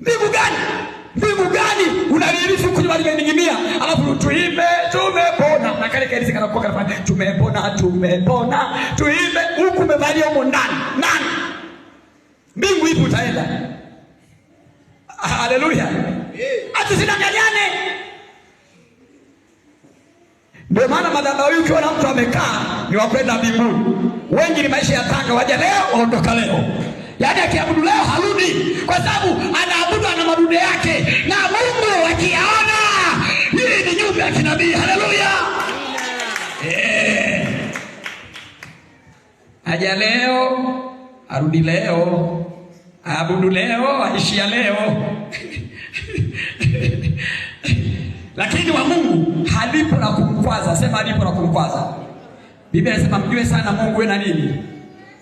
Mbingu gani? Mbingu gani? Unalirithi kunywa limening'inia, alafu tuimbe tumepona. Na kale kaelezi kana kwa kana tumepona tumepona tuimbe huku umevalia huko ndani. Nani? Mbingu ipo utaenda. Haleluya. Hata sinangaliane. Ndio maana madhabahu ukiona mtu amekaa ni wapenda mbinguni. Wengi ni maisha ya tanga, waja leo waondoka leo yaani akiabudu leo harudi kwa sababu anaabudu ana madude yake na mungu akiyaona hii ni nyumba ya kinabii haleluya eh. aja leo arudi leo aabudu leo aishia leo lakini wa mungu halipo la kumkwaza sema halipo la kumkwaza biblia inasema mjue sana mungu we na nini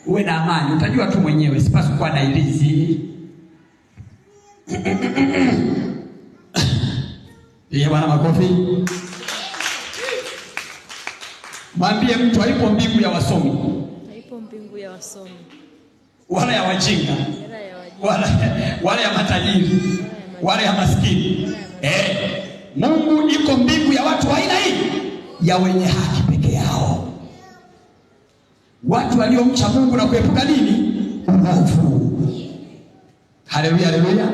uwe na amani, utajua tu mwenyewe. Sipaswi kuwa na ilizi iye bwana, makofi. Mwambie mtu haipo mbingu ya wasomi, haipo mbingu ya wasomi wala ya wajinga wala, wala ya matajiri wala ya maskini eh, Mungu iko mbingu ya watu wa aina hii ya wenye haki watu waliomcha Mungu na kuepuka nini? Uovu. Haleluya, haleluya.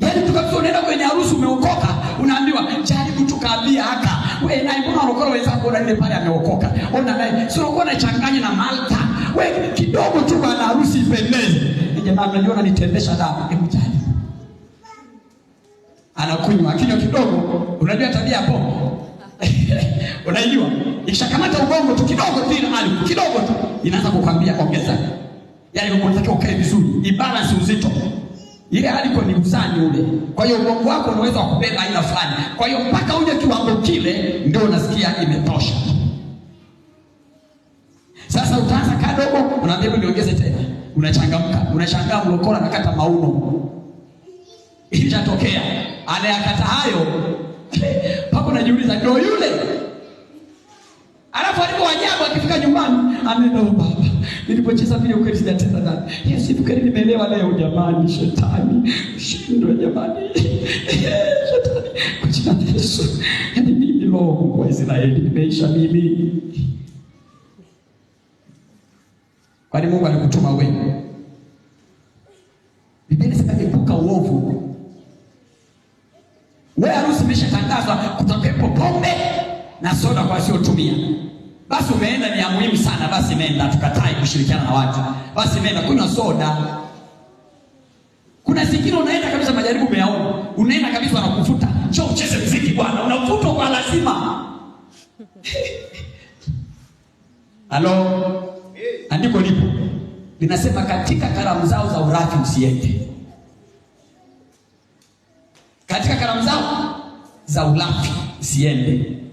Yaani tukafika unaenda kwenye harusi umeokoka, unaambiwa jaribu tukaambia haka. Wewe naye mbona unakora wenzako na ile pale ameokoka? Ona naye, sio unakuwa unachanganya na Malta. Wewe kidogo tu bwana harusi ipendeze. Ni eh, jamaa mnajua nitendesha damu. Hebu jaribu. Anakunywa kinywa kidogo, unajua tabia hapo. Unaijua? Ikishakamata ubongo tu kidogo tu ile hali naweza kukwambia ongeza, yaani unatakiwa ukae vizuri, ibalance uzito ile hali ni niuzani ule. Kwa hiyo ubongo wako unaweza kubeba aina fulani, kwa hiyo mpaka uje kiwango kile ndio unasikia imetosha. Sasa utaanza kadogo, unaambia niongeze tena, unachangamka, unashangaa mlokole nakata mauno. Ishatokea anayakata hayo mpaka najiuliza ndio yule ajabu akifika nyumbani anaenda baba, nilipocheza vile ukweli sijatenda dhambi. Yesu ukweli nimeelewa leo jamani, shetani shindwe jamani, shetani kwa jina la Yesu. Yaani mimi roho wa Israeli nimeisha mimi, kwani Mungu alikutuma wewe. Biblia inasema epuka uovu. Wewe harusi imeshatangazwa, kutakuwepo pombe na soda kwa wasiotumia. Basi umeenda ni ya muhimu sana, basi nenda, tukatai kushirikiana na watu, basi nenda kunywa soda. Kuna zingine unaenda kabisa majaribu umeyaona, unaenda kabisa wanakuvuta, cho, ucheze mziki bwana, unavutwa kwa lazima. Halo, andiko lipo linasema, katika karamu zao za urafi usiende, katika karamu zao za ulafi usiende